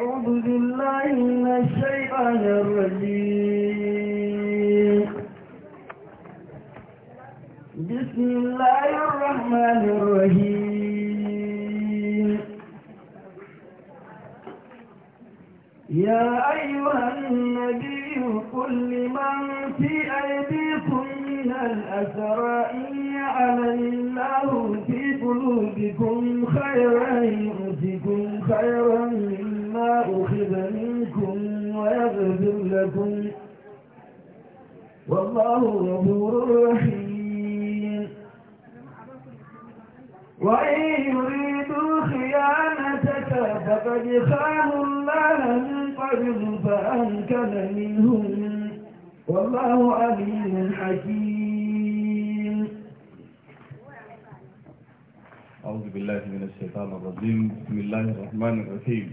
أعوذ بالله من الشيطان الرجيم بسم الله الرحمن الرحيم يا أيها النبي قل لمن في أيديكم من الأسرى إن يعلم الله في قلوبكم الله غفور رحيم وإن يريدوا خيانتك فقد خانوا الله من قبل فأمكن منهم والله عليم حكيم أعوذ بالله من الشيطان الرجيم بسم الله الرحمن الرحيم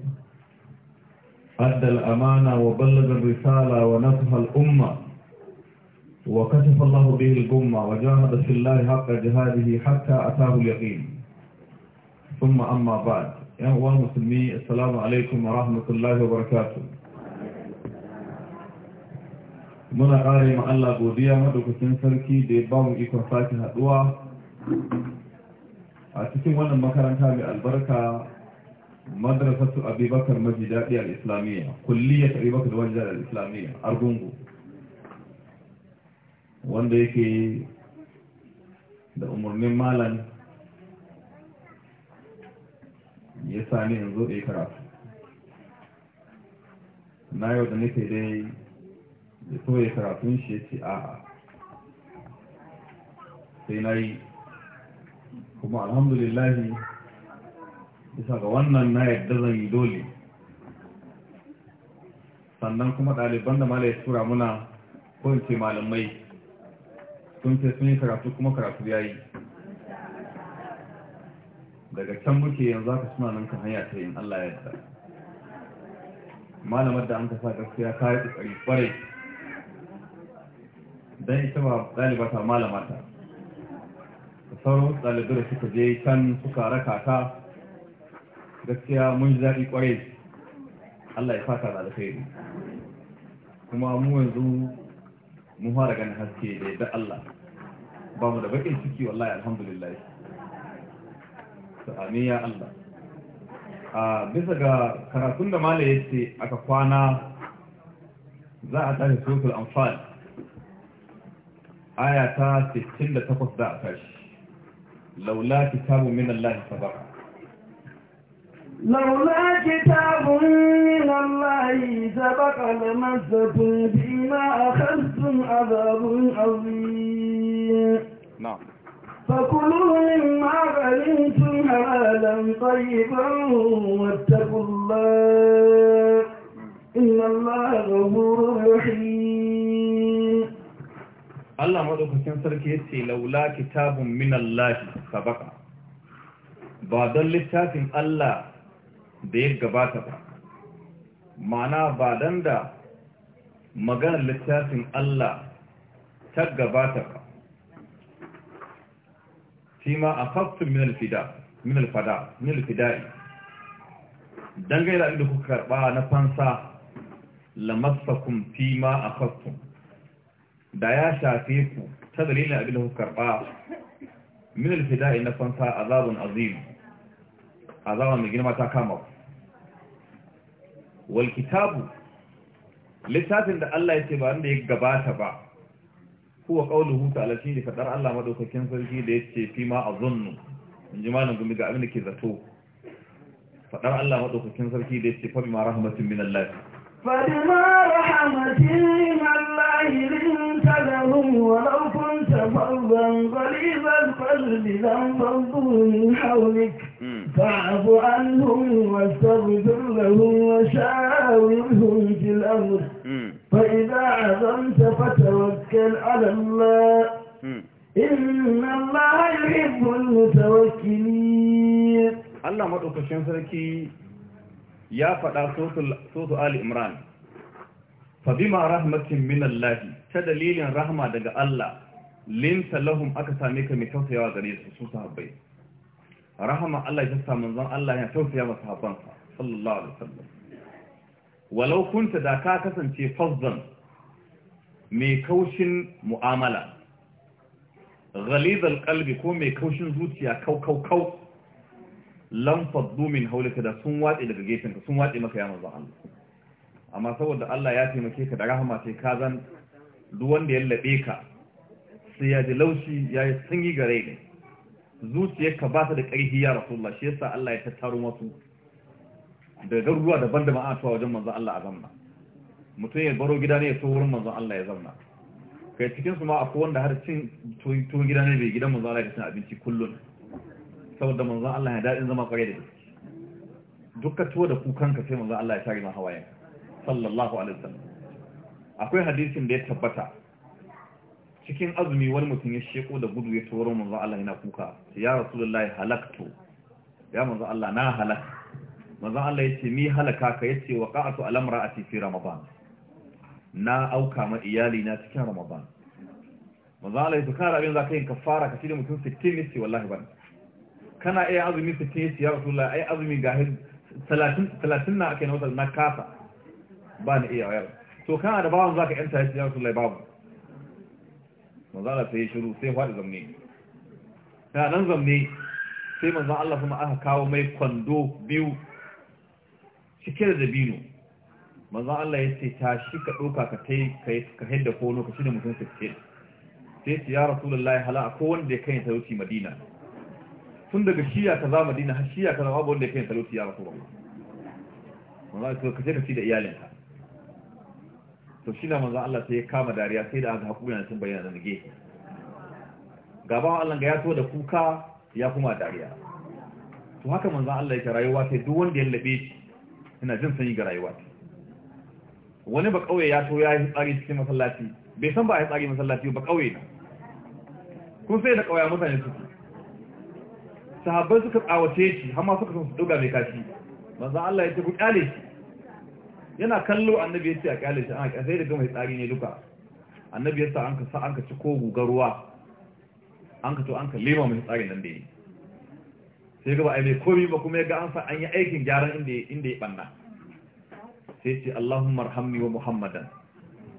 أدى الأمانة وبلغ الرسالة ونصح الأمة وكشف الله به الغمة وجاهد في الله حق جهاده حتى أتاه اليقين ثم أما بعد يا أخوان المسلمين السلام عليكم ورحمة الله وبركاته muna ƙare ma Allah godiya madaukakin sarki da ya bamu ikon sake haɗuwa a cikin wannan makaranta mai albarka madrasatu abubakar majidadi al-islamiyya kulliyat abubakar majidadi al-islamiyya argungu wanda yake da umarnin malam ya zo yanzu ɗaya karatu na yau da nake dai da soya karatun shi ya ce a'a sai na yi kuma alhamdulillahi bisa ga wannan na yadda zan yi dole sannan kuma ɗaliban da mala ya tura muna ko in ce malamai sun ce sun yi karatu kuma karatu ya yi daga can muke yanzu aka suna nan kan hanya ta yin Allah yadda. malamar da an ta sa gaskiya ta yi tsari kwarai don ita ba ɗaliba ta malamata. Da sauran wasu ɗalibai da suka je can suka raka ta gaskiya mun ji daɗi ƙwarai Allah ya fata da alkhairi kuma mu yanzu mun fara ganin haske da yadda Allah ba mu da bakin ciki wallahi alhamdulillah amin ya Allah a bisa ga karatun da mala ya ce aka kwana za a tashi suratul anfal aya ta 68 da a tashi laula kitabu min Allah sabaka لولا كتاب من الله سبق لمسكم بما أخذتم عذاب عظيم نعم فكلوا مما غنمتم حلالا طيبا واتقوا الله إن الله غفور رحيم الله مدوكتين سركي لولا كتاب من الله سبق بعد اللي littafin Allah da ya gabata ba ma'ana ba dan da maganar littafin Allah ta gabata ba shi ma a faktun min alfida'i dangane da inda kuka karɓa na fansa lamassakun fi ma a faktun da ya shafe ku ta dalilin abin da kuka karɓa min alfida'i na fansa azabun azimu. azaba mai girma ta kama ku wal kitabu littafin da Allah ya ce ba wanda ya gabata ba huwa qawluhu ta'ala shi ne fadar Allah madaukakin sarki da yace fi ma azunnu in ji malam gumi ga abin da ke zato fadar Allah madaukakin sarki da yace fa bi ma rahmatin min Allah fa bi ma rahmatin min Allah linta lahum wa law kunta fawzan ghalizal qalbi lam fawzu hawlik فاعف عنهم واستغفر لهم وشاورهم في الأمر فإذا عزمت فتوكل على الله إن الله يحب المتوكلين Allah maɗaukacin sarki ya faɗa sosu Ali Imran, Fabima rahmatin min Allahi, ta dalilin rahma daga Allah, linta lahum aka same ka mai yawa gare su su rahama Allah ya sa manzon Allah ya tausaya masa habansa sallallahu alaihi wasallam walau kunta da ka kasance fazzan mai kaushin mu'amala ghaliz kalbi ko mai kaushin zuciya kau kau kau lam faddu min hawlika da sun watsi daga gefenka sun watsi maka ya manzon Allah amma saboda Allah ya taimake ka da rahama sai ka zan duk wanda ya labe ka sai ya ji laushi ya yi sanyi gare ne zuciyarka ba ta da ƙarfi ya rasulullah shi yasa Allah ya tattaro wasu da garuruwa daban-daban ma'a tuwa wajen manzon Allah a zamna mutum ya baro gida ne ya so wurin manzon Allah ya zamna kai cikin su ma akwai wanda har cin tuwon gida ne bai gidan manzon Allah ya cin abinci kullun saboda manzon Allah ya daɗin zama kwarai da gaske dukkan tuwo da kukanka sai manzon Allah ya share ma hawayen sallallahu alaihi wasallam akwai hadisin da ya tabbata cikin azumi wani mutum ya sheko da gudu ya toro manzo Allah yana kuka ya rasulullahi halaktu ya manzo Allah na halak manzo Allah yace ni halaka ka yace waqa'tu ala imra'ati fi ramadan na auka ma iyali na cikin ramadan manzo Allah yace kana abin zaka yin kafara ka tilin mutum 60 yace wallahi ban kana iya azumi 60 yace ya rasulullahi ai azumi ga 30 30 na ake na kasa ba ni iya yau to kana da bawon zaka yanta yace ya rasulullahi babu manzala sai ya shiru sai faɗi zamne ta nan zamne sai manzan Allah kuma aka kawo mai kwando biyu cike da dabino manzan Allah ya ce ta shi ka ɗauka ka ta ka hidda kono ka shi da mutum sittin sai ce ya rasu lallai hala a kowane da ya kai talauci madina tun daga shiya ka za madina har shiya ka zama wanda da ya kai talauci ya rasu ba ma Allah ka ce ka ci da iyalinka to shi da manzan Allah sai ya kama dariya sai da aka haƙuri sun bayyana da gefe gabawa Allah ga ya to da kuka ya kuma dariya to haka manzan Allah yake rayuwa sai duk wanda ya labe shi ina jin sanyi ga rayuwa wani ba kauye ya to ya yi tsari cikin masallaci bai san ba ya tsari masallaci ba kauye ne kun sai da kauya mutane suke sahabbai suka tsawace shi har ma suka san su doga mai kashi manzan Allah ya ce ku kale shi yana kallo annabi ya ce a kyale shi an sai da gama tsari ne duka annabi ya sa an ka sa an ka ci ko gugar ruwa an ka to an ka lema mai tsari nan da yi sai gaba ai mai komi ba kuma ya ga an sa an yi aikin gyaran inda inda ya banna sai ce Allahumma arhamni wa Muhammadan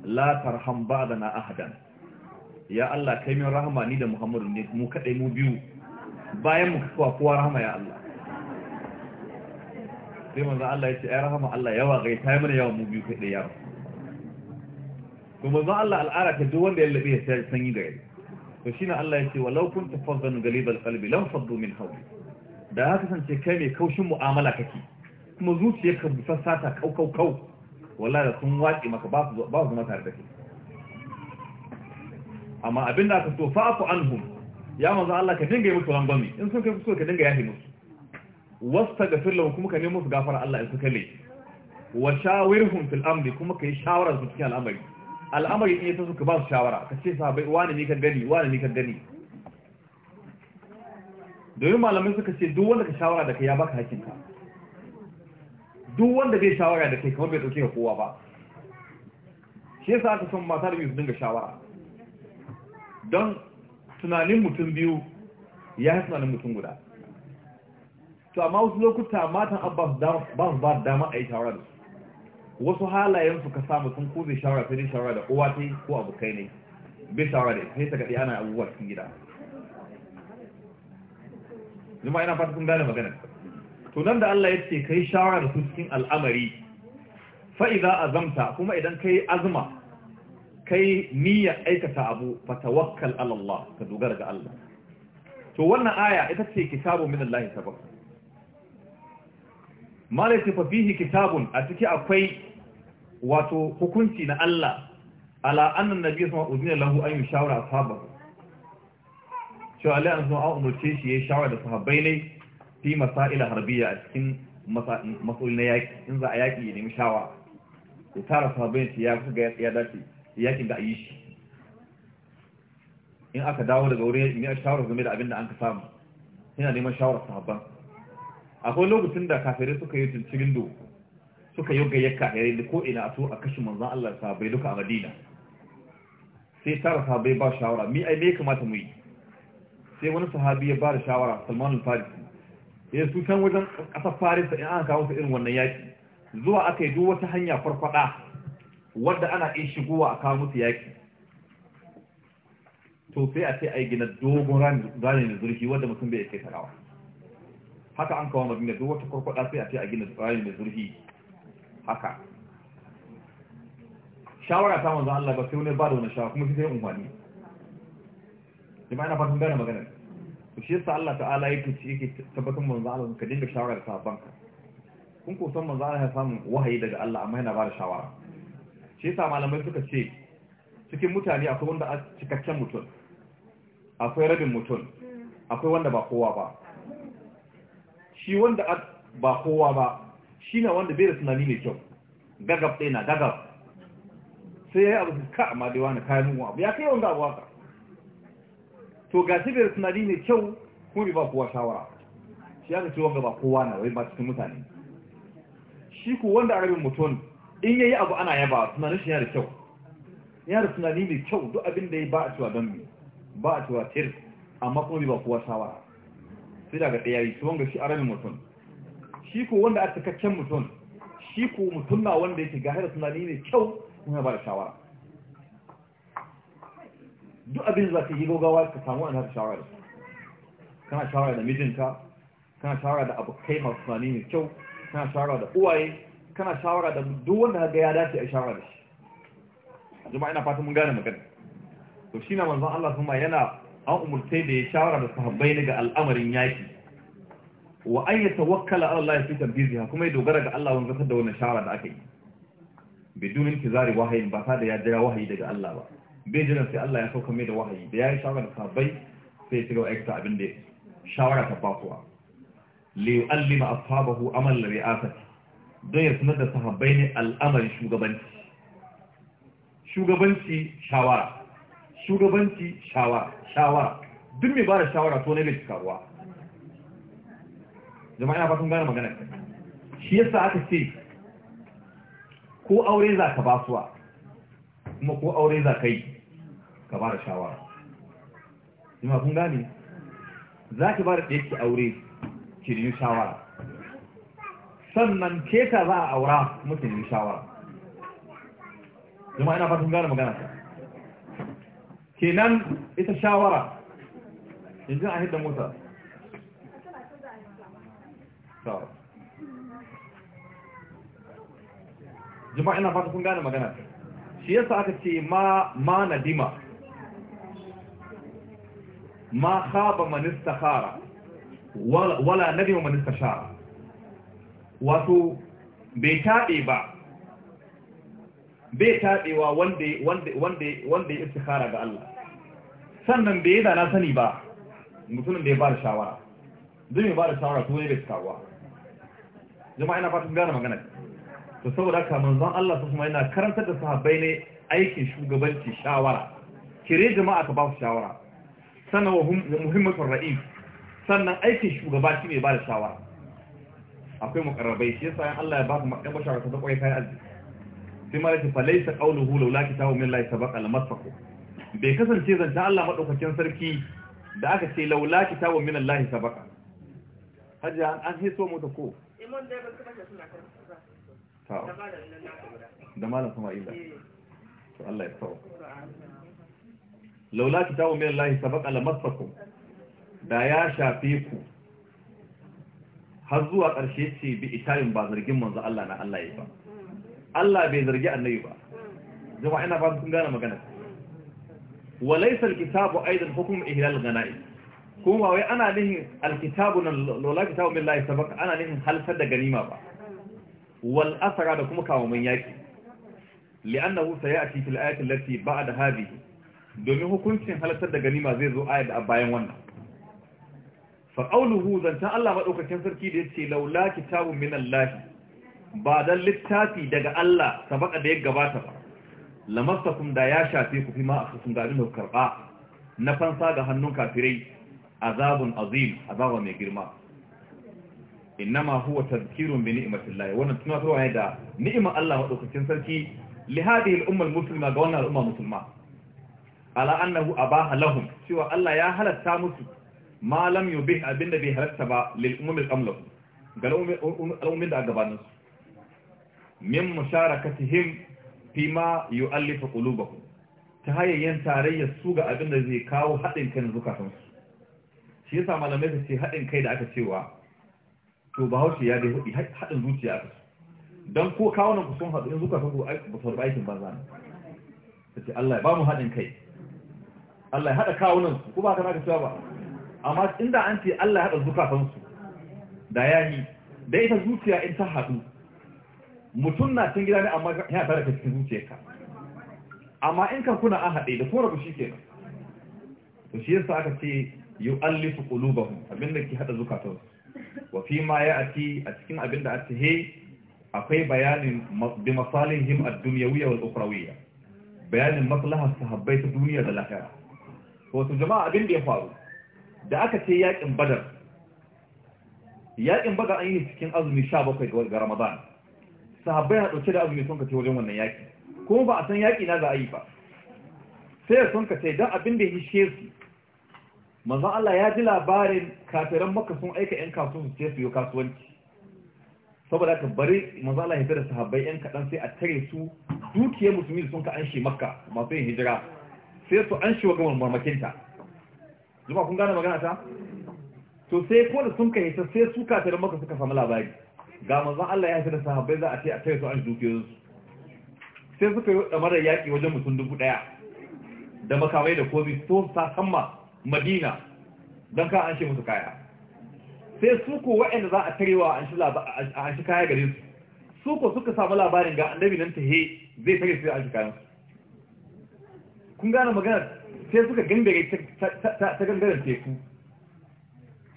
la tarham ba'dana ahadan ya Allah kai min rahama ni da Muhammadu ne mu kadai mu biyu bayan mu kuwa kowa rahama ya Allah sai manzo Allah ya ce ai rahama Allah yawa gai ta mana yawa mu biyu kai da yawa to manzo Allah al'ara ta duk wanda ya labe ya sai sanyi gare to shine Allah ya ce walau kunta fazzan galibal qalbi lam faddu min hawli da haka sance kai mai kaushin mu'amala kake kuma zuciyarka bufar sata kau kau kau wallahi da sun waki maka ba su ba su maka da amma abinda aka so fa'fu anhum ya manzo Allah ka dinga yi musu rangwame in sun kai so ka dinga yahi musu wastaghfir lahum kuma ka nemo su gafara Allah in suka laifi wa shawirhum fil amri kuma kai shawara su cikin al'amari al'amari in yaso ka ba su shawara ka ce bai wani ne ka gani wani ne ka gani domin malamai suka ce duk wanda ka shawara da kai ya baka hakkin ka duk wanda bai shawara da kai kamar bai dauke ka kowa ba shi yasa aka son mata da su dinga shawara don tunanin mutum biyu ya hasa tunanin mutum guda to amma wasu lokuta matan abba ba su ba dama a yi shawara da su wasu halayen su ka samu sun kuzi shawara sai dai shawara da uwa ta ko abokai ne bai shawara da sai ta gaɗi ana abubuwa cikin gida jima ina fata sun gane magana to nan da Allah ya ce kai shawara da su cikin al'amari fa'iza azamta kuma idan kai azuma, kai niyya aikata abu fatawakkal ala Allah ka dogara ga Allah to wannan aya ita ce kitabu min Allah tabaraka malaka fa fihi kitabun a ciki akwai wato hukunci na Allah ala annan biyu sama uzina lahu an yushawara ashabahu cewa Allah an sama an umurce shi ya shawara da sahabbai ne fi masail harbiya a cikin mas'ul na yaki in za a yaki ya nemi ya tara sahabbai shi ya ga ya dace yakin da ayi shi in aka dawo daga wurin ne a shawara game da abin da an ka samu yana neman shawarar sahabban akwai lokacin da kafirai suka yi tuntunin do suka yi gayyar kafirai da ko'ina a to a kashe manzan Allah sabai duka a madina sai tara sabai ba shawara mi ai me kamata mu yi sai wani sahabi ya ba da shawara salman farisi ya su can wajen ƙasar farisa in an kawo su irin wannan yaƙi zuwa aka yi duk wata hanya farfada wadda ana iya shigowa a kawo musu yaƙi to sai a ce yi gina dogon ranar da zurfi wadda mutum bai kai tarawa haka an kawo madina duk wata kurkwada sai a ce a gina tsari mai zurfi haka shawara ta manzan Allah ba sai wani ba da wani shawara kuma sai unwani jama'a ina fatan gane magana. to shi yasa Allah ta'ala yake ci yake tabbatar manzan Allah ka dinga shawara da sabon ka kun ko san manzan Allah ya samu wahayi daga Allah amma yana ba da shawara shi yasa malamai suka ce cikin mutane akwai wanda a cikakken mutum akwai rabin mutum akwai wanda ba kowa ba shi wanda ba kowa ba shi na wanda bai da tunani mai kyau gagab ɗaya na gagab sai ya yi abu ka a da na kayan mugun abu ya kai wanda abu haka to ga shi bai da tunani mai kyau kuma bai ba kowa shawara shi ya kace wanda ba kowa na wai ba cikin mutane shi ku wanda arabin mutum in ya yi abu ana yaba tunanin shi ya da kyau ya da tunani mai kyau duk abin da ya ba a cewa don ba a cewa tir amma kuma bai ba kowa shawara sai daga ɗaya yi tuwon ga shi a ranar mutum shi ko wanda a cikakken mutum shi ko mutum na wanda yake da tunani ne kyau kuma ba da shawara duk abin za ka yi gaugawa ka samu an haka shawara da kana shawara da mijinka kana shawara da abokai masu tunani ne kyau kana shawara da uwaye kana shawara da duk wanda ga ya dace a shawara da shi juma'a ina fatan mun gane magana to shi na manzon Allah kuma yana an umurtai da ya shawara da sahabbai ne ga al'amarin yaƙi. wa an yatawakkala ala Allah fi tanbiziha kuma ya dogara ga Allah wannan da wani shawara da aka yi ki zari wahayin ba ta da ya jira wahayi daga Allah ba bai jiran sai Allah ya sauka mai da wahayi da ya yi shawara da sahabbai sai ya shiga aikata abin da shawara ta bakuwa li yu'allima ashabahu amal ri'asati don ya sanar da sahabbai ne al'amarin shugabanci shugabanci shawara shugabanci shawara duk mai ba da shawara to ne bai cika ruwa zama ina fatan gane magana shi yasa aka ce ko aure za ka ba suwa kuma ko aure za ka yi ka ba da shawara zama kun gane za ki ba da ɗaya aure ke da shawara sannan ke ka za a aura mutum nemi shawara zama ina fatan gane magana kenan ita shawara yanzu a hidda mota jima'a ina fata kun gane magana shi yasa aka ce ma na dima, ma khaba manista istakhara wala na dima manista shara, wato bai tabe ba bai tabewa wanda wanda wanda wanda ya ga Allah sannan bai da na sani ba mutumin bai ba da shawara zai mai ba da shawara to ne bai cikawa jama'a ina fatan gane magana to saboda haka manzon Allah su kuma yana karantar da sahabbai ne aikin shugabanci shawara kire jama'a ka ba su shawara sannan wa muhimmatul ra'is sannan aikin shugaba shi ne ba da shawara akwai mukarrabai shi yasa yan Allah ya ba ku makan bashara ta kwai kai arziki sai ma yake fa laysa qawluhu law la kitabu min la sabaqa al-masfaqu bai kasance zance Allah maɗaukakin sarki da aka ce laula kitabun min Allah sabaka hajja an heso mota eh, ta ko da malam sama ila eh. to Allah ya tsawo laula kitabun min Allah sabaka lamassakum da ya shafe ku har zuwa ƙarshe ce bi itayin ba zargin manzo Allah na Allah ya ba mm. Allah bai zargi annabi ba mm. jama'a ina ba sun gane magana wa laysa al-kitabu aidan hukm ihlal ghana'i wai ana nihin al-kitabu nan lola kitabu min lahi sabaka ana nihin halsar da ganima ba wal asara da kuma kawamin yaki li'annahu sayati fil ayati allati da hadhihi domin hukuncin halartar da ganima zai zo ayat a bayan wannan fa qawluhu zanta Allah madaukakin sarki da yace laula kitabun min Allah ba dan littafi daga Allah sabaka da ya gabata ba lamastakum da ya shafe ku fi ma a kasan garin da karɓa na fansa ga hannun kafirai azabun azim azaba mai girma innama huwa tazkirun bi ni'matillahi wannan tunatarwa ne da ni'ima Allah madaukakin sarki li hadhihi al-umma al-muslima ga wannan al'umma musulma ala annahu abaha lahum cewa Allah ya halatta musu ma lam yubih abinda bai halatta ba lil ummi al-amlah ga al-ummi da gabanin su min musharakatihim fima yu'allifu qulubahum ta hayayyan tarayyar su ga abin da zai kawo haɗin kan zukatansu shi yasa malamai su ce haɗin kai da aka cewa to bahaushe ya dai haɗin zuciya aka don ko kawo ku sun haɗu in zuka ba su harba aikin banza ne ta ce Allah ya ba mu haɗin kai Allah ya haɗa nan su kuma haka na ka cewa ba amma inda an ce Allah ya haɗa zukatansu da ya yi da ita zuciya in ta haɗu mutum na cin gida ne amma yana tare ka cikin zuciyarka amma in kan kuna an haɗe da kuma rabu shi ke to shi yasa aka ce yu'allifu qulubahum abinda ke haɗa zukatansu wa fi ma ya'ti a cikin abinda a ce akwai bayanin bi masalihim ad-dunyawiyya wal wuya. bayanin su habbai ta duniya da lahira wato jama'a abin da ya faru da aka ce yakin badar yakin badar an yi cikin azumi 17 ga Ramadan sahabbai na ɗauke da azumi sun kace wajen wannan yaƙi kuma ba a san yaƙi na za a yi ba sai da sun kace don abin da ya hishe su manzon Allah ya ji labarin kafiran maka sun aika yan kasuwa su ce su yi kasuwanci saboda ka bari maza Allah ya da sahabbai 'yan kaɗan sai a tare su dukiyar musulmi sun ka an shi makka masu yin hijira sai su an shi wa gaban marmakinta zuma kun gane magana ta to sai ko da sun kai ta sai su kafiran maka suka samu labari ga manzon Allah ya da sahabbai za a ce a kai su an dukiyoyin su sai suka yi mara yaƙi wajen mutum dubu ɗaya da makamai da kobi to sa samma madina don ka an shi musu kaya sai su ko wa'anda za a tarewa an shi kaya gare su su ko suka samu labarin ga annabi nan ta he zai tare su an shi kayan kun gane magana sai suka gindare ta gangaren teku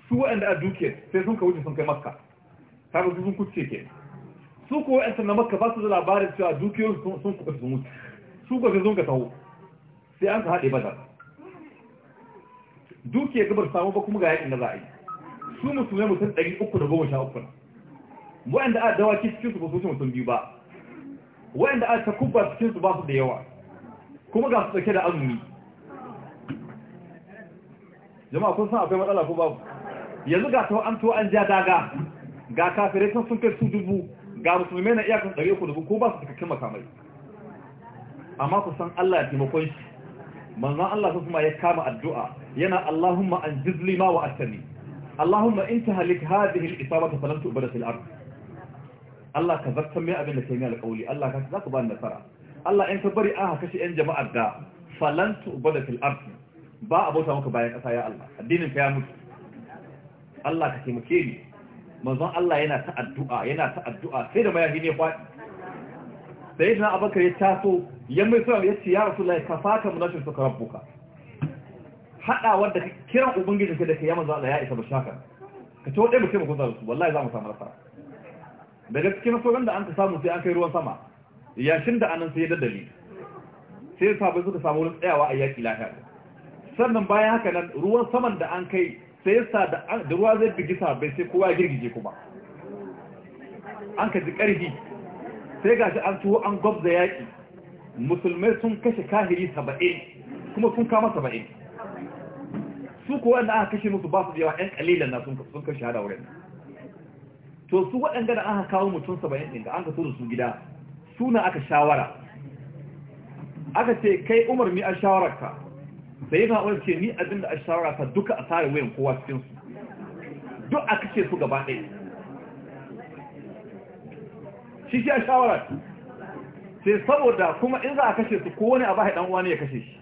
su wa'anda a duke sai sun ka wuce sun kai makka kaga su sun kuce ke su ko yan sannan makka ba su da labarin cewa dukiyoyin sun kuka su mutu su ko sai sun ka taho sai an ka haɗe badar dukiya gabar samu ba kuma ga yakin da za a yi su ne mutum ɗari uku da goma sha uku na da a dawaki cikin su ba su mutum biyu ba da a takubba cikin su ba su da yawa kuma ga su ɗauke da azumi jama'a kun san akwai matsala ko babu yanzu ga tawo an to an ja daga ga kafirai sun sun kai su dubu ga musulmai na iyakar tsare ku dubu ko ba su cikakken makamai amma ku san Allah ya taimakon shi manzon Allah sun kuma ya kama addu'a yana Allahumma an jizli ma wa asani Allahumma in tahlik hadhihi ba ta falan tu'bada da ard Allah ka zartar mai abin da kai mai alƙawli Allah ka za zaka ba nasara Allah in ka bari an haka shi yan jama'ar da falan tu'bada da ard ba abota maka bayan ƙasa ya Allah addinin ka ya mutu Allah ka taimake ni manzon Allah yana ta addu'a yana ta addu'a sai da mayafi ne faɗi da yadda abakar ya taso ya mai sura ya ce ya rasu lai ka fata munashin suka rabbuka haɗa da kiran ubangijin ka da ka yi manzon Allah ya isa bashaka ka ce waɗai mutum kun su wallahi za mu samu nasara daga cikin nasoran da an ka samu sai an kai ruwan sama yashin da anan sai ya daddali sai sabai suka samu wurin tsayawa a yaƙi lafiya sannan bayan haka nan ruwan saman da an kai sai yasa da ruwa zai bigi bai sai kowa ya girgije kuma an ka ji ƙarfi sai ga shi an tuwo an gwabza yaƙi musulmai sun kashe kahiri saba'in kuma sun kama saba'in su kuwa da aka kashe musu ba su yawa ‘yan ƙalilan na sun kashe hada wurin to su waɗanda da aka kawo mutum saba'in ɗin da an ka so da su gida suna aka shawara aka ce kai umar mi a shawararka da ya fa'awar ce ni abin da a shawara ta duka a tsara wayan kowa cikin su duk a kace su gaba ɗaya shi shi a shawara sai saboda kuma in za a kashe su ko wani a bahi dan uwa ne ya kashe shi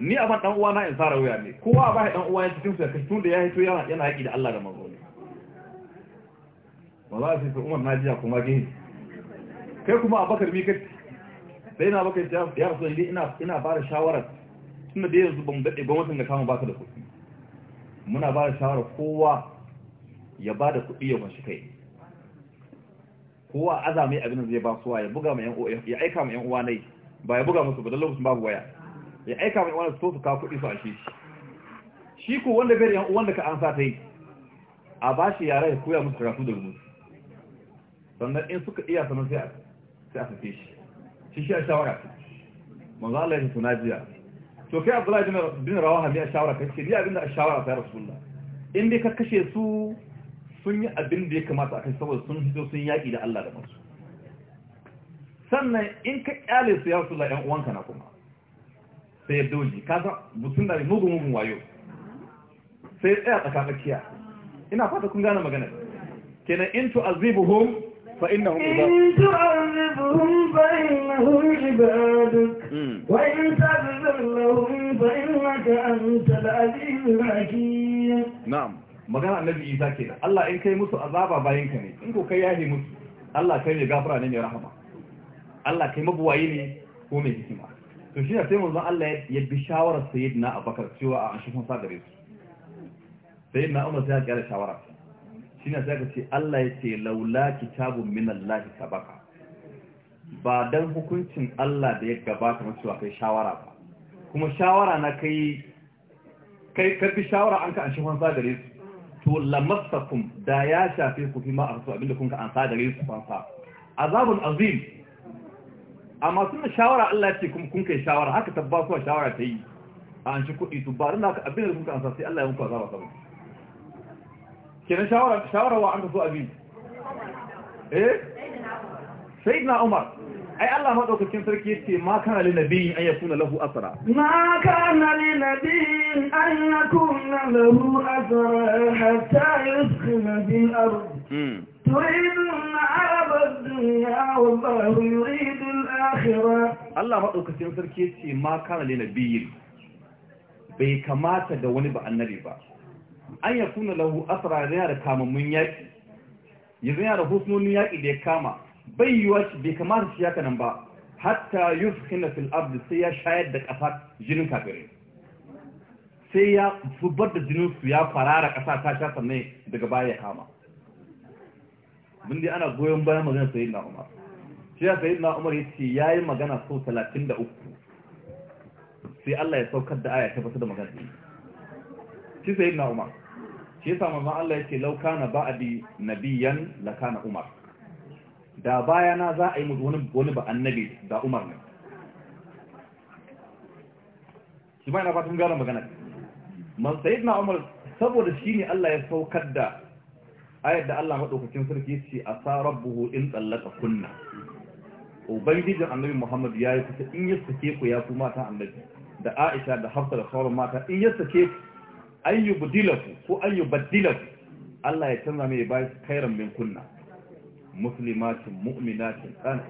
ni a ban dan uwa na in tsara waya ne kowa a bahi dan uwa ya su ya kashe tun da ya hito yana haƙi da Allah da manzo ba za su fi umar jiya kuma gini kai kuma a bakar mi kai sai na bakar ya rasu ina ba da shawarar tunda da yanzu ban mu daɗe gwamnatin da kama ba ta da kuɗi muna ba da shawara kowa ya ba da kuɗi ya kwanci kai kowa aza mai abin da zai ba suwa ya buga ma ya aika ma yan uwa nai ba ya buga musu ba don lokacin babu waya ya aika ma yan uwa su su kuɗi su a shi shi ko wanda bai yan uwan da ka an sa ta yi a ba shi yara ya koya musu karatu da rubutu sannan in suka iya sanar sai a sai a sake shi shi shi a shawara manzo Allah ya tuna jiya to kai abdullahi bin rawaha ne a shawara kai ce ni abinda a shawara sai rasulullah in dai ka kashe su sun yi abin da ya kamata a kai saboda sun hito sun yaƙi da Allah da masu sannan in ka kyale su ya rasulullah 'yan uwanka na kuma sai ya doji ka san mutum da mugun mugun wayo sai ya tsaya tsakatsakiya ina fata kun gane magana kenan in tu'azibuhum fa innahum ibad in tu'azibuhum fa innahum ibaduk na'am magana annabi isa da, Allah in kai musu azaba bayan ka ne in ko kai yahi musu Allah kai ne gafara ne mai rahama Allah kai mabuwaye ne ko mai hikima to shi ne sai manzon Allah ya bi shawara sayyidina Abubakar cewa a an shifan sagare su sayyidina Umar sai ya kare shawara shi ne sai ka ce Allah ya ce laula kitabun min Allah sabaka ba dan hukuncin Allah da ya gabata mu cewa kai shawara ba kuma shawara na kai kai ka shawara an ka an shi fansa gare su to lamassakum da ya shafe ku fi ma a rasu abinda kun ka an sa gare su fansa azabun azim amma suna shawara Allah ce kuma kun kai shawara haka tabbasuwa shawara ta yi a an shi kuɗi to ba rana ka abin kuka kun ka an sa sai Allah ya muku azaba saboda kenan shawara shawara wa an ka so abin eh na umar ai Allah madaukakin sarki yace ma kana lin nabiyyin an yakuna lahu asra ma kana lin nabiyyin an yakuna lahu asra hatta yuskhina bil ard hmm. turidun arab ad-dunya wallahu yuridu al-akhirah Allah madaukakin sarki yace ma kana lin nabiyyin bai kamata da wani ba annabi ba an yakuna lahu asra yana da kamammun yaki yanzu yana da husnonin yaki da ya kama bai yiwuwa bai kamata shi haka nan ba hatta yufkina fil abd sai ya shayar da ƙasa jinin kafirai sai ya zubar da jinin su ya farara ƙasa ta sha sannan daga baya ya kama mun dai ana goyon bayan magana sayyidina Umar sai ya sayyidina Umar yace yayi magana so 33 sai Allah ya saukar da aya ta fasa da magana sai shi sayyidina Umar shi yasa manzon Allah yace law kana ba'di nabiyan lakana Umar da bayana za a yi musu wani wani ba annabi da Umar ne shi ma ina fatan gano magana man na Umar saboda shi ne Allah ya saukar da ayar da Allah madaukakin sarki ce asa buhu in tsallaka kunna ubangijin annabi Muhammadu ya yi kusa in ya sake ku ya ku mata annabi da Aisha da Hafsa da sauran mata in ya sake ku ayyubdilaku ko ayyubdilaku Allah ya canza mai bai kairan min kunna muslimatin mu'minatin dan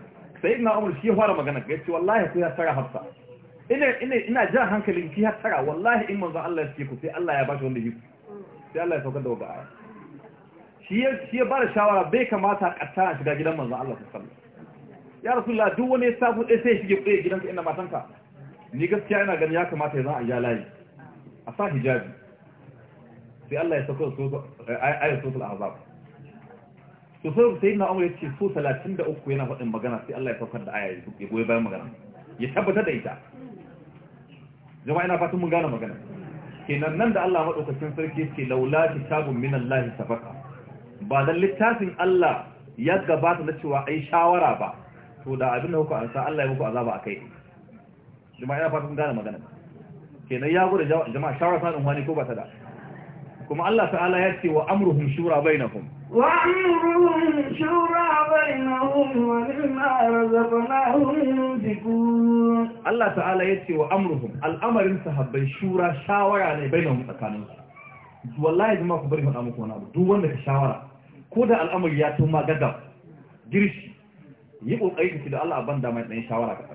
sai ina umar shi fara magana ga yace wallahi ku ya tsara hafsa ina ina ina jan hankalin ki ya tsara wallahi in manzo Allah ya ce ku sai Allah ya bashi wanda yi sai Allah ya saukar da wata aya shi ya shi ya bada shawara bai kamata a kattara shiga gidan manzo Allah sallallahu alaihi wasallam ya rasulullah duk wani ya sabu dai sai shige tsaye gidanka ina matanka ni gaskiya ina ganin ya kamata ya zan a ya layi a sa hijabi sai Allah ya saukar da su ayatul ahzab sosai sai na umar ce so 33 yana faɗin magana sai Allah ya saukar da aya ya goyi bayan magana ya tabbatar da ita jama'a ina fatan mun gane magana kenan nan da Allah maɗaukacin sarki ce laula kitabun min Allah sabaka ba da littafin Allah ya gabata na cewa ai shawara ba to da abin da kuka sa Allah ya muku azaba akai jama'a ina fatan mun gane magana kenan ya gode jama'a shawara sanin wani ko ba ta da kuma Allah ta'ala ya ce wa amruhum shura bainahum wa amruhum shura bainahum wa mimma razaqnahum yunfiqun Allah ta'ala ya ce wa amruhum al'amarin sahabbai shura shawara ne bainahum tsakanin su wallahi jama'a ku bari mu muku wani abu duk wanda ka shawara ko da al'amari ya to ma gaga girshi yi kokari ka da Allah a banda mai dan shawara ka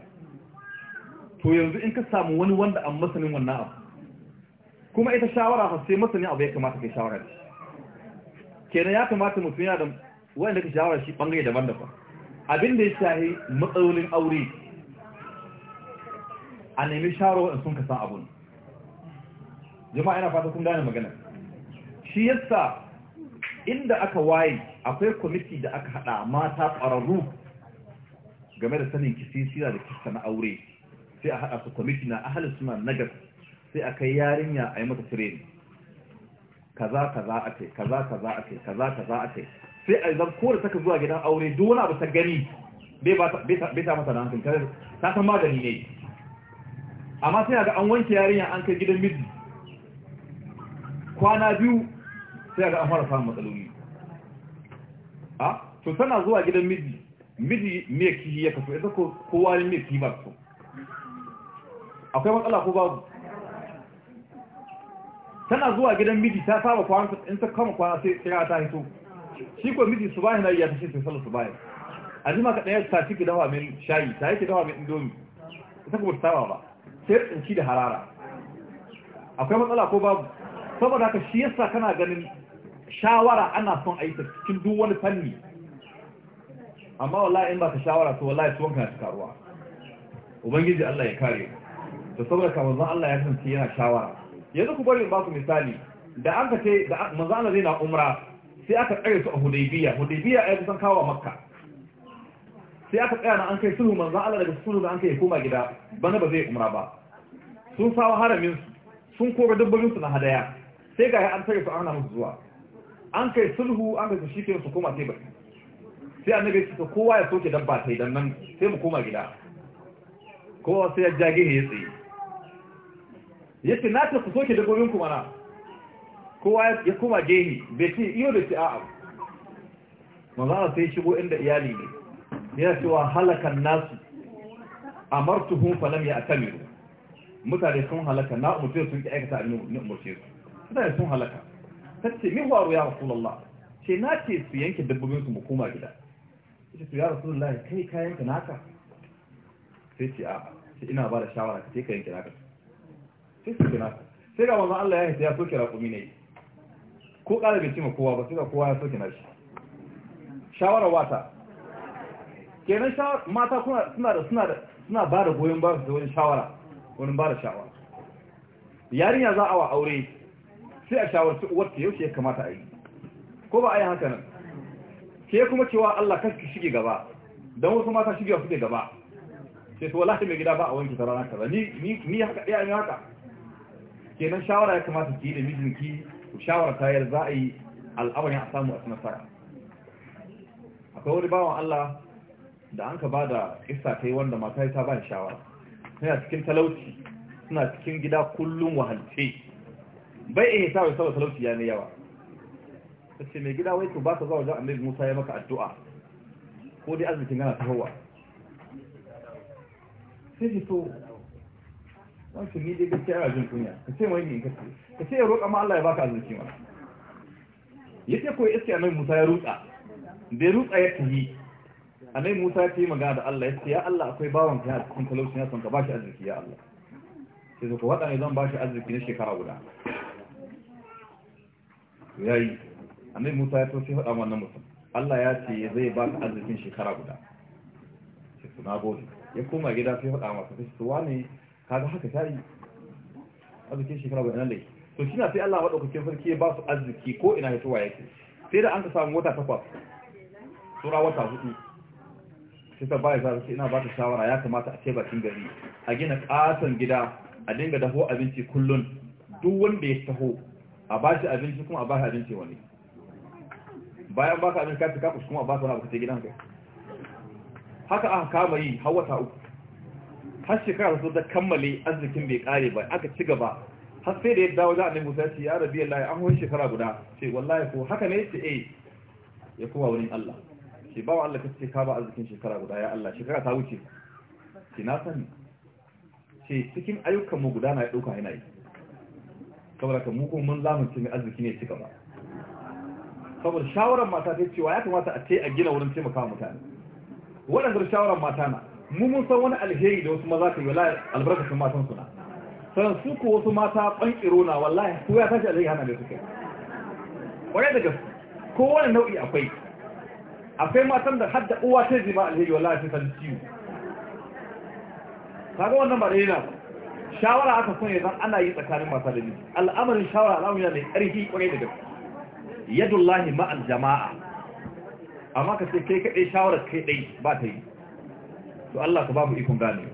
to yanzu in ka samu wani wanda an masanin wannan abu kuma ita shawara fa sai masani abu ya kamata kai shawara da kenan ya kamata mutum yana da wanda ka shawara shi bangare daban-daban abin da ya shahi matsalolin aure a nemi shawara in sun kasan abun jama'a yana fata sun gane magana shi yasa inda aka waye akwai kwamiti da aka hada mata ƙwararru game da sanin kisisira da kista na aure sai a haɗa su kwamiti na ahalin suna na sai a kai yarinya a yi mata tireni kaza kaza a ce kaza kaza a ce kaza kaza a ce sai a zan kore saka zuwa gidan aure duk wani abu ta gani bai ta masa nan kankan ta san magani ne amma sai ga an wanke yarinya an kai gidan miji kwana biyu sai ga an fara samun matsaloli a to tana zuwa gidan miji miji me kiyi ya kaso ita ko kowa ne mai kiyi ba su akwai matsala ko babu tana zuwa gidan miji ta saba kwanta in ta kama kwana sai tsira ta hito shi ko miji su bayan na ta shi sai sallar su bayan a jima ka ɗaya ta ciki dawa mai shayi ta yake dawa mai indomi ta kuma ta ba sai tsinci da harara akwai matsala ko babu saboda haka shi yasa kana ganin shawara ana son aita cikin duk wani fanni amma wallahi in ba ka shawara to wallahi tuwon ka cika ruwa ubangiji Allah ya kare Da saboda kamar Allah ya kasance yana shawara yanzu ku bari ba ku misali da an ka ce da manzo Allah zai na umra sai aka tsare su a Hudaybiya Hudaybiya ai kusan kawo Makka sai aka tsaya na an kai sulhu manzo Allah daga sulhu da an kai koma gida bana ba zai umra ba sun sawa haramin sun koga dabbobin su na hadaya sai ga an tsare su ana musu zuwa an kai sulhu an kai shi ke su koma sai ba sai annabi ya ce kowa ya soke dabba sai dan nan sai mu koma gida kowa sai ya jage ya tsaye yake na ta ku soke gobin ku mana kowa ya kuma gehi bai ce iyo da ce a'a a sai shigo inda iyali ne yana cewa halakan nasu a hun falam ya'tamiru mutane sun halaka na umarci sun ki aikata a ni umarci su mutane sun halaka ta ce mi waru ya rasulullah ce na ce su yanke dabbobin su mu koma gida ce su ya rasulullah kai kayan ka naka sai ce a ina ba da shawara ka sai ka yanke naka sai su kira sai ga manzon Allah ya hita ya soke raƙumi ne ko ƙara bai cima kowa ba sai ga kowa ya soke na shi shawarar wata kenan mata suna da suna da suna ba da goyon ba su da wani shawara wani ba da shawara yarinya za a wa aure sai a shawarci uwarta yaushe ya kamata a yi ko ba a yi haka nan ke kuma cewa Allah kan ki shige gaba don wasu mata shige suke gaba sai su wallahi mai gida ba a wanki ta rana kaza ni ni haka iya ni haka kenan shawara ya kamata ki yi da mijinki ku shawara ta yar za a yi al'amarin a samu a ci nasara akwai wani bawan Allah da an ka ba da isa ta yi wanda mata ta ba shawara suna cikin talauci suna cikin gida kullum wahalce bai iya yi wai saboda talauci ya ne yawa ta ce mai gida wai to ba ka zuwa wajen annabi musa ya maka addu'a ko dai arzikin yana ta hawa sai so. wancan ni dai gaskiya yana jin kunya ka ce wani ka ce ka ce ya roƙa ma Allah ya baka arziki ma yace ko iske annabi Musa ya rutsa bai rutsa ya tafi annabi Musa ya yi magana da Allah ya ce ya Allah akwai bawan ka a cikin talauci ya son ka bashi arziki ya Allah sai zo ko wada ne zan bashi arziki na shekara guda yayi annabi Musa ya tafi faɗa wannan mutum Allah ya ce zai baka arzikin shekara guda sai suna gode ya koma gida sai faɗa masa sai su wane kaga haka ta yi arzikin shekara bai nan laifi to shi na sai Allah maɗaukakin sarki ya ba su arziki ko ina hitowa yake sai da an ka samu wata takwas sura wata hudu sai ta baya zarar ina ba ta shawara ya kamata a ce bakin gari a gina katon gida a dinga dafo abinci kullun duk wanda ya taho a ba shi abinci kuma a ba shi abinci wani bayan ba ka abinci ka fi kuma a ba ka wani abu ka ce gidan ka haka aka kama yi har wata uku har shekara su da kammale arzikin bai kare ba aka ci gaba har sai da ya dawo za a nemi sai ya rabi Allah an hoyi shekara guda sai wallahi ko haka ne ce eh ya kuma wurin Allah sai ba Allah ka ce ka ba arzikin shekara guda ya Allah shekara ta wuce sai na sani sai cikin ayyukan mu guda na ya dauka yana yi saboda ka mu kuma mun lamunce mai arziki ne ci gaba saboda shawaran mata ta cewa ya kamata a ce a gina wurin taimaka mutane waɗanda shawaran mata na mu mun san wani alheri da wasu maza ka yi wallahi albarkacin matan suna san su ko wasu mata bankiro na wallahi su ya tashi alheri hana da kai kwarai da gaske ko wani nau'i akwai akwai matan da hadda uwa ta jima alheri wallahi sun san ciwo kaga wannan ba dai ba shawara aka son ya zan ana yi tsakanin mata da miji al'amarin shawara yana ne ƙarfi kwarai da gaske yadullahi ma'al jama'a amma ka ce kai kaɗai shawarar kai ɗai ba ta yi to Allah ka babu ikon gane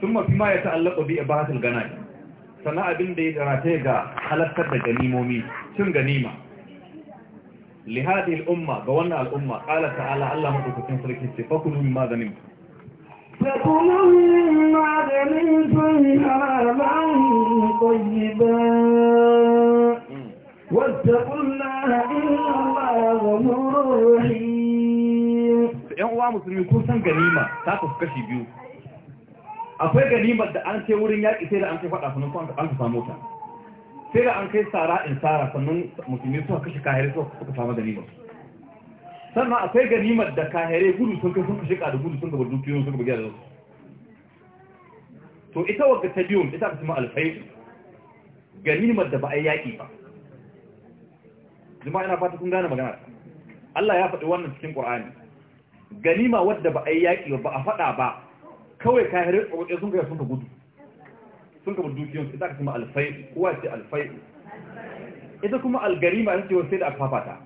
summa mafi ma ya ta'allaka bi ibahatul ganai sana abin da ya garata ga halattar da ganimomi cin ganima li hadhihi al-umma ga wannan umma qala ta'ala Allah madaukakin sarki ce fa kullu mimma ganimtum فكلوا مما غنمتم حلالا طيبا واتقوا الله إن الله غفور رحيم yan uwa musulmi kun san ganima ta kasu kashi biyu akwai ganimar da an ce wurin yaƙi sai da an kai faɗa sannan kuma an samu ta sai da an kai tsara in tsara sannan musulmi suka kashe kahere suka samu ganimar sannan akwai ganimar da kahere gudu sun kai sun kashe da gudu sun gaba dukiyoyin sun gaba gyara da to ita wadda ta biyun ita kuma alfai ganimar da ba a yi yaƙi ba jima'a ina fata sun gane magana Allah ya faɗi wannan cikin ƙwa'ani. ganima wadda ba a yi yaƙi ba a faɗa ba kawai kahirin tsawoke sun kai sun ka gudu sun ka dukiyar ita ka cima alfai kowa ce alfai ita kuma algarima ita ce wasu sai da aka fafata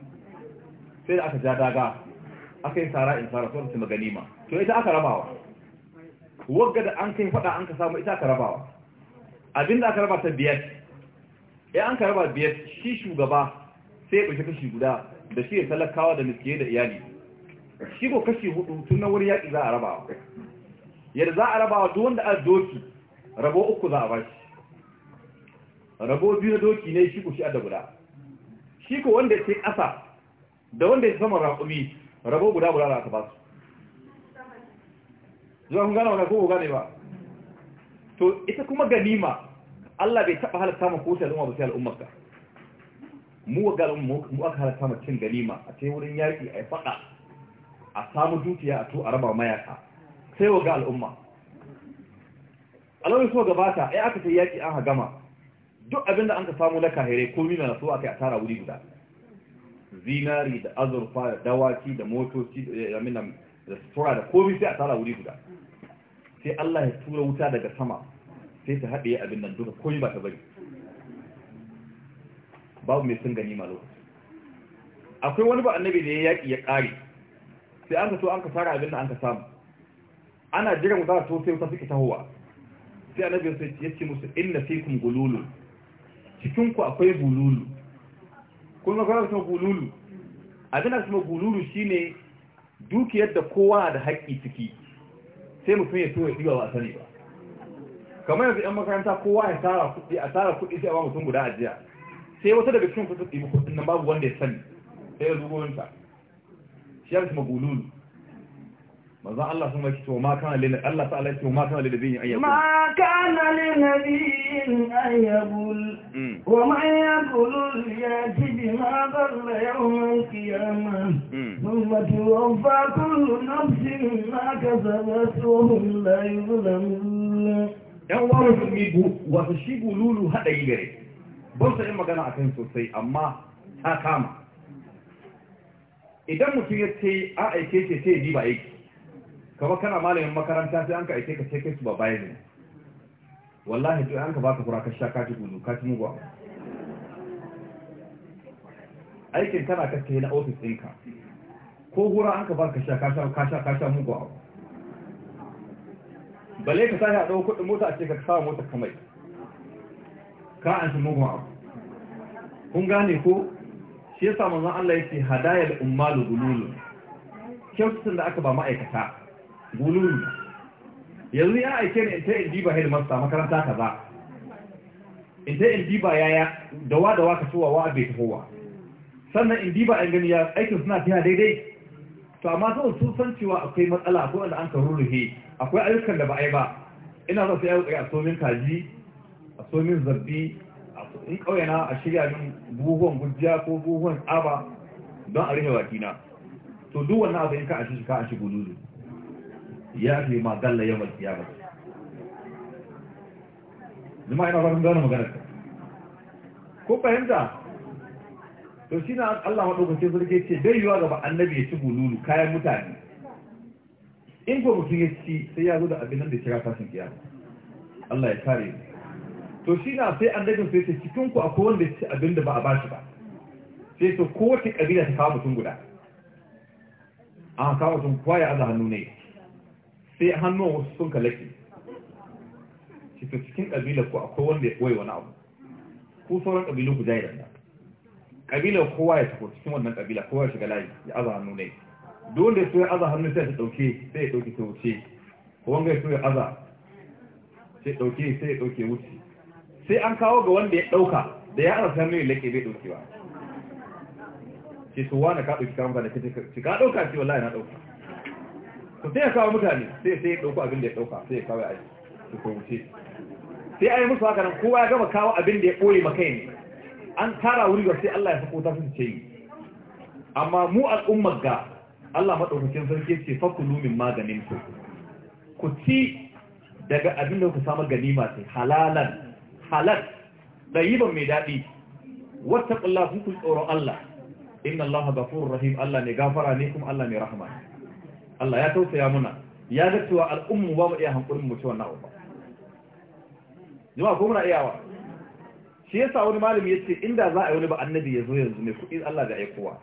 sai da aka ja daga aka yi tsara in tsara sun cima ganima to ita aka rabawa wagga da an kai faɗa an ka samu ita aka rabawa abinda aka raba ta biyar ya e, an ka raba biyar shi shugaba sai ya ɗauki kashi guda da shi ya talakawa da miskiye da iyali shi ko kashi hudu tun na wuri yaƙi za a rabawa yadda za a rabawa duk wanda a doki rabo uku za a ba shi rabo biyu na doki ne shi ko shi da guda shi ko wanda ya ce ƙasa da wanda ya sama raƙumi rabo guda guda za a ba su zuwa kun gane wani ko gane ba to ita kuma ganima Allah bai taɓa halatta ma kusa al'umma ba sai al'ummarka mu ga al'umma mu aka halatta ma cin ganima a ce wurin yaƙi a faɗa a samu dukiya a to a raba mayaka sai wa ga al'umma alawai so gabata ai aka sai yaki an hagama duk abinda an ka samu na kahirai ko mina na so aka yi a tara wuri guda zinari da azurfa da dawaki da motoci eh, da sutura da komi sai a tara wuri guda sai Allah ya tura wuta daga sama sai ta haɗe abin nan duka komi ba ta bari babu mai sun gani malo. akwai wani ba annabi da ya yaƙi ya ƙare sai an ka an ka fara abin da an ka samu ana jiran za to sai wuta suke tahowa sai annabi ya ce musu inna fikum gululu cikin ku akwai gululu kun ga kana gululu abin da kuma gululu shine dukiyar da kowa da haƙƙi ciki sai mutum ya so ya wasa ba sani ba kamar yanzu ɗan makaranta kowa ya tara kuɗi a tara kuɗi sai a ba mutum guda ajiya sai wata daga cikin kuɗi kuɗin nan babu wanda ya sani sai ya zugo ta shi yarki magulul manzon Allah sun yake to ma kana lil Allah ta'ala yake ma kana lil nabiyyin ayyabul ma kana lil nabiyyin ayyabul hmm. wa ma yaqul yati bima qalla yawm al-qiyamah hmm. thumma tuwaffa kullu nafsin ma kasabat wa hum la yuzlamun yan wa musulmi shi gululu hada yi gare ban sa yin magana akan sosai amma ta kama idan mutum ya ce an aike ce sai ni ba aiki Kama kana malamin makaranta sai an ka aike ka ce kai su ba bayan ne wallahi to an ka baka fura ka sha ka ji gudu ka ci mugwa aikin kana ka na ofis ɗinka ko gura an ka baka sha ka sha ka sha ka sha mugwa bale ka sai a ɗau kuɗin mota a ce ka sa mota kamai ka an shi mugwa kun gane ko shi yasa manzon Allah yake hadayar da ummalu gululu kyaututun da aka ba ma'aikata gululu yanzu ya aike ni ta in diba headmaster makaranta kaza in ta in diba yaya dawa dawa ka cewa wa bai tafowa sannan in diba an gani ya aikin suna fiya daidai to amma zan sun san cewa akwai matsala ko da an ka rurruhe akwai ayyukan da ba a yi ba ina za su yi a tsomin kaji a tsomin zarbi in ƙauye na a shirya min buhuwan gujiya ko buhuwan tsaba don a rufe bakina, to duk wannan abu in ka a shi ka a shi guduzu ya fi ma galla yawan kiyama zama ina fatan gane maganar ko fahimta to shi na Allah maɗaukacin sarki ce bai yiwa gaba annabi ya ci bululu kayan mutane in ko mutum ya ci sai ya zo da abin nan da kira tashin kiyama Allah ya kare to shi na sai annabin sai ce cikin ku akwai wanda ya ci abin da ba a ba shi ba sai to kowace kabila ta kawo mutum guda an kawo mutum kowa ya aza hannu ne sai hannun wasu sun kalaki shi to cikin kabila ku akwai wanda ya koyi wani abu ku sauran kabilu ku jayi da kabila kowa ya tafi cikin wannan kabila kowa ya shiga layi ya aza hannu ne dole ya so ya aza hannu sai ta dauke sai ya dauke ta wuce wanga ya so ya aza sai dauke sai ya dauke wuce sai an kawo ga wanda ya ɗauka da ya arasa mai lake bai ɗauki ba ce su wani ka ɗauki kamfa ka ɗauka ce wallahi na ɗauka to sai ya kawo mutane sai sai ya ɗauko abin da ya ɗauka sai ya kawo aji su ko wuce sai ai musu haka nan kowa ya gama kawo abin da ya ɓoye maka ne an tara wuri ga sai Allah ya fi ta su ce yi amma mu al'ummar ga Allah madaukakin sarki ce fakulu min maganin ku ku ci daga abin da ku samu ganima sai halalan halal dayiban mai daɗi wattaqullahu kun tsoron Allah inna Allah ghafurur rahim Allah ne gafara ne kuma Allah ne rahama Allah ya tausaya muna ya ga cewa al'ummu ba mu iya hankulin mu ci wannan abu jama'a ko muna iyawa shi yasa wani malami in inda za a yi wani ba annabi ya zo yanzu mai kuɗi Allah da aikowa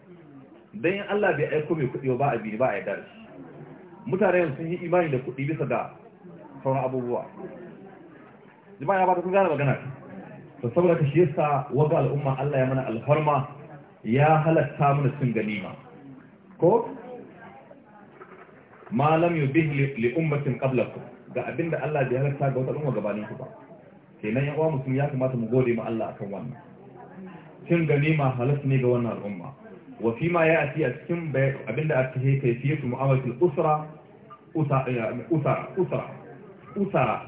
dan in Allah bai aiko mai kuɗi ba a bi ba a yarda mutane sun yi imani da kuɗi bisa da sauran abubuwa ya ba ta kun gane magana to saboda ka shi yasa waga al'umma Allah ya mana alfarma ya halatta mana cin ganima ko ma lam yubih li ummatin qablakum ga abinda Allah bai halatta ga wata al'umma gabanin ku ba kenan yan uwa musulmi ya kamata mu gode ma Allah akan wannan cin ganima halas ne ga wannan al'umma wa fi ma ya'ti a cikin abinda a cikin kayfiyatu mu'amalatul usra usra usra usra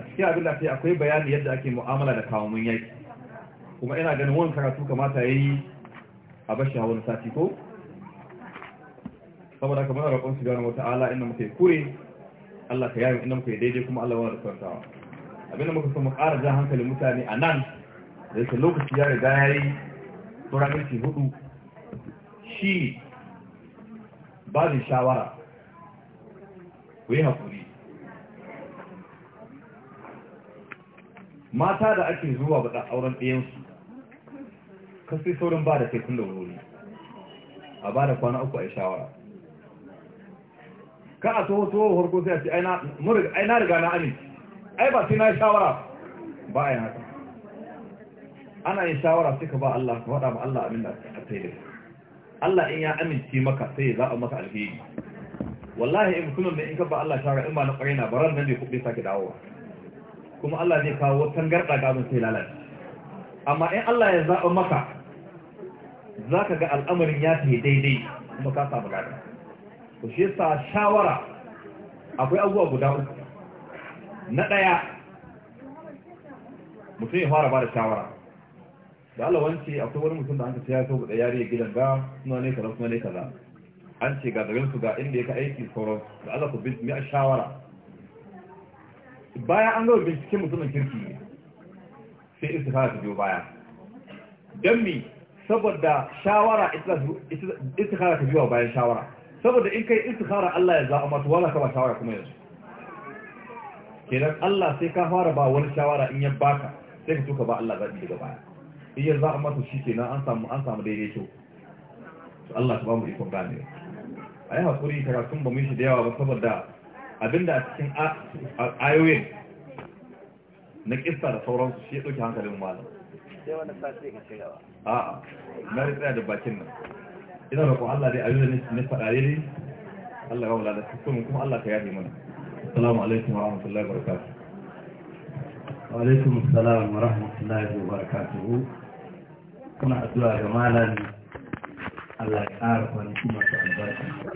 a cikin abin da akwai bayani yadda ake mu'amala da kawamin yaki kuma ina ganin wani karatu kamata yi a bashi a wani sati ko saboda kamar raƙon su gano ala inda muka yi kure Allah ka yayin inda muka yi daidai kuma Allah wani da kwantawa abin da muka so mu ƙara jan hankalin mutane a nan da yake lokaci ya riga ya yi tura minti hudu shi ba shawara ku yi haƙuri mata da ake zuwa ba da auren Ka kasi saurin ba da kai tun da wuri a ba da kwana uku a yi shawara ka a toho toho harko sai a ce ai na riga na aminci ai ba sai na yi shawara ba a yi haka ana yin shawara sai ka ba Allah ka faɗa ba Allah amin da a tsaye Allah in ya amince maka sai ya za'a maka alheri wallahi in mutumin mai in ka ba Allah shawara in ba na ƙwarai na baran nan ne kuɗi sake dawowa kuma Allah zai kawo tangarɗa gamin sai lalace amma in Allah ya zaɓa maka za ka ga al'amarin ya fi daidai kuma ka samu gada ku shi sa shawara akwai abubuwa guda uku na ɗaya mutum ya fara ba da shawara da Allah wance akwai wani mutum da an ce ya so da yare gidan ga suna ne kaza suna ne kaza an ce ga zagansu ga inda ya ka aiki sauran da Allah ku bi a shawara bayan an gaba bincike mutumin kirki ne sai istikara ta biyo baya don mi saboda shawara fara ta biyo bayan shawara saboda in kai fara Allah ya za'a masu wala kama shawara kuma yanzu kenan Allah sai ka fara ba wani shawara in ya baka sai ka tuka ba Allah zaɓi daga baya in ya za'a masu shi ke an samu an samu daidai to Allah ta ba mu ikon gane a yi haƙuri karatun ba mu yi shi da yawa ba saboda abinda a cikin ayoyin na kista da sauransu shi ya ɗauki hankalin malam a'a na ritsaya da bakin nan ina da kuma Allah dai ayoyin ne faɗa ne Allah ya wula da kuma kuma Allah ka yafi mana assalamu alaikum wa rahmatullahi wa barakatuhu. wa alaikum assalam wa rahmatullahi wa barakatuhu. kuna addu'a ga malam Allah ya ƙara kwanaki masu albarka